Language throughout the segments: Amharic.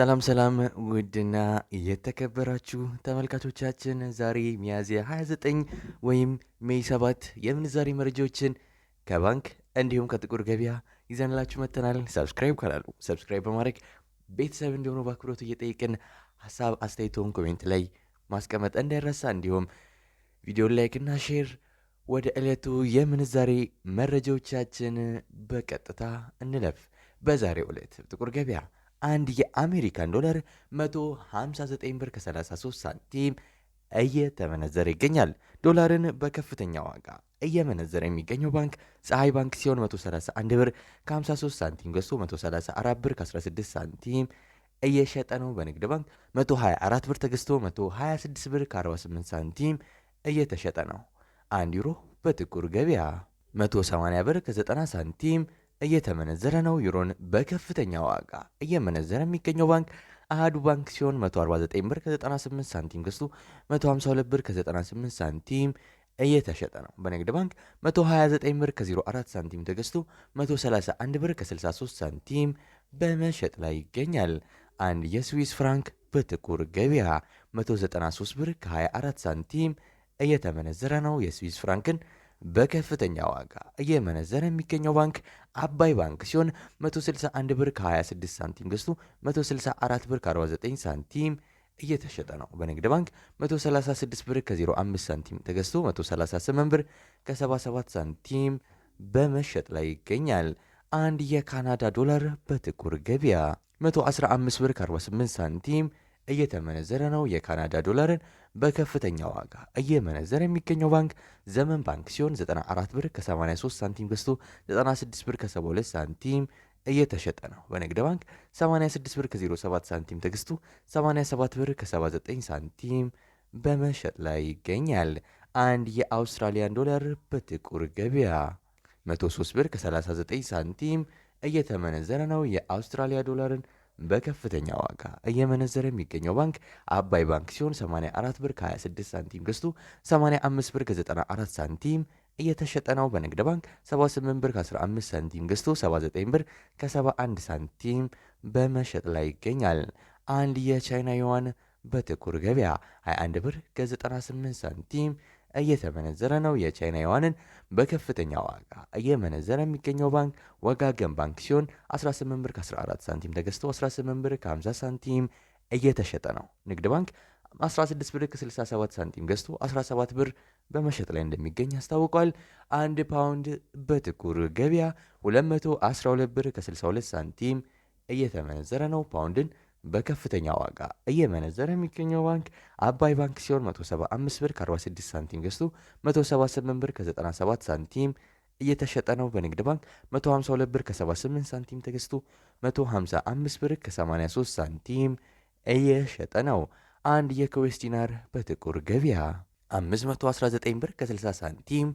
ሰላም ሰላም ውድና የተከበራችሁ ተመልካቾቻችን ዛሬ ሚያዝያ 29 ወይም ሜይ 7 የምንዛሬ መረጃዎችን ከባንክ እንዲሁም ከጥቁር ገበያ ይዘንላችሁ መጥተናል። ሰብስክራይብ ካላሉ ሰብስክራይብ በማድረግ ቤተሰብ እንዲሆኑ በአክብሮት እየጠየቅን ሀሳብ አስተያየቶን ኮሜንት ላይ ማስቀመጥ እንዳይረሳ፣ እንዲሁም ቪዲዮን ላይክና ሼር። ወደ ዕለቱ የምንዛሬ መረጃዎቻችን በቀጥታ እንለፍ። በዛሬው ዕለት ጥቁር ገበያ አንድ የአሜሪካን ዶላር 159 ብር ከ33 ሳንቲም እየተመነዘረ ይገኛል። ዶላርን በከፍተኛ ዋጋ እየመነዘረ የሚገኘው ባንክ ፀሐይ ባንክ ሲሆን 131 ብር ከ53 ሳንቲም ገዝቶ 134 ብር ከ16 ሳንቲም እየሸጠ ነው። በንግድ ባንክ 124 ብር ተገዝቶ 126 ብር ከ48 ሳንቲም እየተሸጠ ነው። አንድ ዩሮ በጥቁር ገበያ 180 ብር ከ90 ሳንቲም እየተመነዘረ ነው። ዩሮን በከፍተኛ ዋጋ እየመነዘረ የሚገኘው ባንክ አሃዱ ባንክ ሲሆን 149 ብር ከ98 ሳንቲም ገዝቶ 152 ብር ከ98 ሳንቲም እየተሸጠ ነው። በንግድ ባንክ 129 ብር ከ04 ሳንቲም ተገዝቶ 131 ብር ከ63 ሳንቲም በመሸጥ ላይ ይገኛል። አንድ የስዊስ ፍራንክ በጥቁር ገበያ 193 ብር ከ24 ሳንቲም እየተመነዘረ ነው። የስዊስ ፍራንክን በከፍተኛ ዋጋ እየመነዘረ የሚገኘው ባንክ አባይ ባንክ ሲሆን 161 ብር ከ26 ሳንቲም ገዝቶ 164 ብር ከ49 ሳንቲም እየተሸጠ ነው። በንግድ ባንክ 136 ብር ከ05 ሳንቲም ተገዝቶ 138 ብር ከ77 ሳንቲም በመሸጥ ላይ ይገኛል። አንድ የካናዳ ዶላር በጥቁር ገበያ 115 ብር ከ48 ሳንቲም እየተመነዘረ ነው። የካናዳ ዶላርን በከፍተኛ ዋጋ እየመነዘረ የሚገኘው ባንክ ዘመን ባንክ ሲሆን 94 ብር ከ83 ሳንቲም ገዝቶ 96 ብር ከ72 ሳንቲም እየተሸጠ ነው። በንግድ ባንክ 86 ብር ከ07 ሳንቲም ተገዝቶ 87 ብር ከ79 ሳንቲም በመሸጥ ላይ ይገኛል። አንድ የአውስትራሊያን ዶላር በጥቁር ገበያ 103 ብር ከ39 ሳንቲም እየተመነዘረ ነው። የአውስትራሊያ ዶላርን በከፍተኛ ዋጋ እየመነዘረ የሚገኘው ባንክ አባይ ባንክ ሲሆን 84 ብር ከ26 ሳንቲም ገዝቶ 85 ብር ከ94 ሳንቲም እየተሸጠ ነው። በንግድ ባንክ 78 ብር ከ15 ሳንቲም ገዝቶ 79 ብር ከ71 ሳንቲም በመሸጥ ላይ ይገኛል። አንድ የቻይና ዩዋን በጥቁር ገበያ 21 ብር ከ98 ሳንቲም እየተመነዘረ ነው። የቻይና ዩዋንን በከፍተኛ ዋጋ እየመነዘረ የሚገኘው ባንክ ወጋገን ባንክ ሲሆን 18 ብር ከ14 ሳንቲም ተገዝቶ 18 ብር ከ50 ሳንቲም እየተሸጠ ነው። ንግድ ባንክ 16 ብር ከ67 ሳንቲም ገዝቶ 17 ብር በመሸጥ ላይ እንደሚገኝ አስታውቋል። አንድ ፓውንድ በጥቁር ገበያ 212 ብር ከ62 ሳንቲም እየተመነዘረ ነው። ፓውንድን በከፍተኛ ዋጋ እየመነዘረ የሚገኘው ባንክ አባይ ባንክ ሲሆን 175 ብር ከ46 ሳንቲም ገዝቶ 178 ብር ከ97 ሳንቲም እየተሸጠ ነው። በንግድ ባንክ 152 ብር ከ78 ሳንቲም ተገዝቶ 155 ብር ከ83 ሳንቲም እየሸጠ ነው። አንድ የኩዌስ ዲናር በጥቁር ገበያ 519 ብር ከ60 ሳንቲም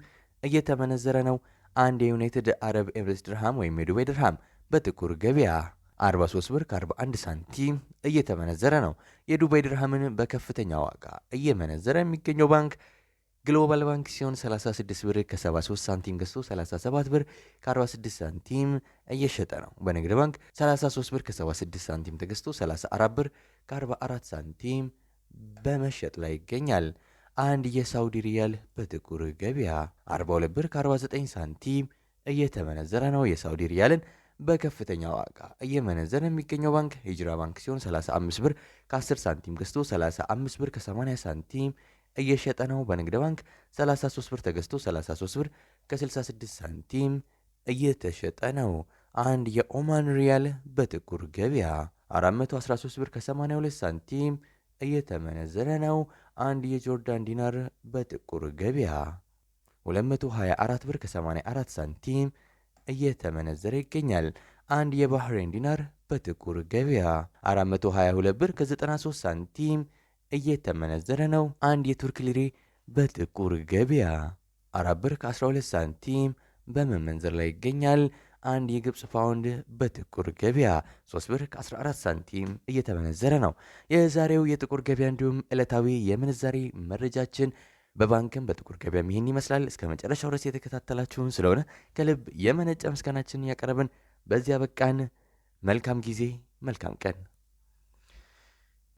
እየተመነዘረ ነው። አንድ የዩናይትድ አረብ ኤምሬትስ ድርሃም ወይም የዱባይ ድርሃም በጥቁር ገበያ 43 ብር ከ41 ሳንቲም እየተመነዘረ ነው። የዱባይ ድርሃምን በከፍተኛ ዋጋ እየመነዘረ የሚገኘው ባንክ ግሎባል ባንክ ሲሆን 36 ብር ከ73 ሳንቲም ገዝቶ 37 ብር ከ46 ሳንቲም እየሸጠ ነው። በንግድ ባንክ 33 ብር ከ76 ሳንቲም ተገዝቶ 34 ብር ከ44 ሳንቲም በመሸጥ ላይ ይገኛል። አንድ የሳውዲ ሪያል በጥቁር ገበያ 42 ብር ከ49 ሳንቲም እየተመነዘረ ነው። የሳውዲ ሪያልን በከፍተኛ ዋጋ እየመነዘረ የሚገኘው ባንክ ሂጅራ ባንክ ሲሆን 35 ብር ከ10 ሳንቲም ገዝቶ 35 ብር ከ80 ሳንቲም እየሸጠ ነው። በንግድ ባንክ 33 ብር ተገዝቶ 33 ብር ከ66 ሳንቲም እየተሸጠ ነው። አንድ የኦማን ሪያል በጥቁር ገበያ 413 ብር ከ82 ሳንቲም እየተመነዘረ ነው። አንድ የጆርዳን ዲናር በጥቁር ገበያ 224 ብር ከ84 ሳንቲም እየተመነዘረ ይገኛል። አንድ የባህሬን ዲናር በጥቁር ገበያ 422 ብር ከ93 ሳንቲም እየተመነዘረ ነው። አንድ የቱርክ ሊሬ በጥቁር ገበያ 4 ብር ከ12 ሳንቲም በመመንዘር ላይ ይገኛል። አንድ የግብፅ ፓውንድ በጥቁር ገበያ 3 ብር ከ14 ሳንቲም እየተመነዘረ ነው። የዛሬው የጥቁር ገበያ እንዲሁም ዕለታዊ የምንዛሬ መረጃችን በባንክም በጥቁር ገበያም ይህን ይመስላል። እስከ መጨረሻው ድረስ የተከታተላችሁን ስለሆነ ከልብ የመነጨ ምስጋናችንን ያቀረብን በዚያ በቃን። መልካም ጊዜ፣ መልካም ቀን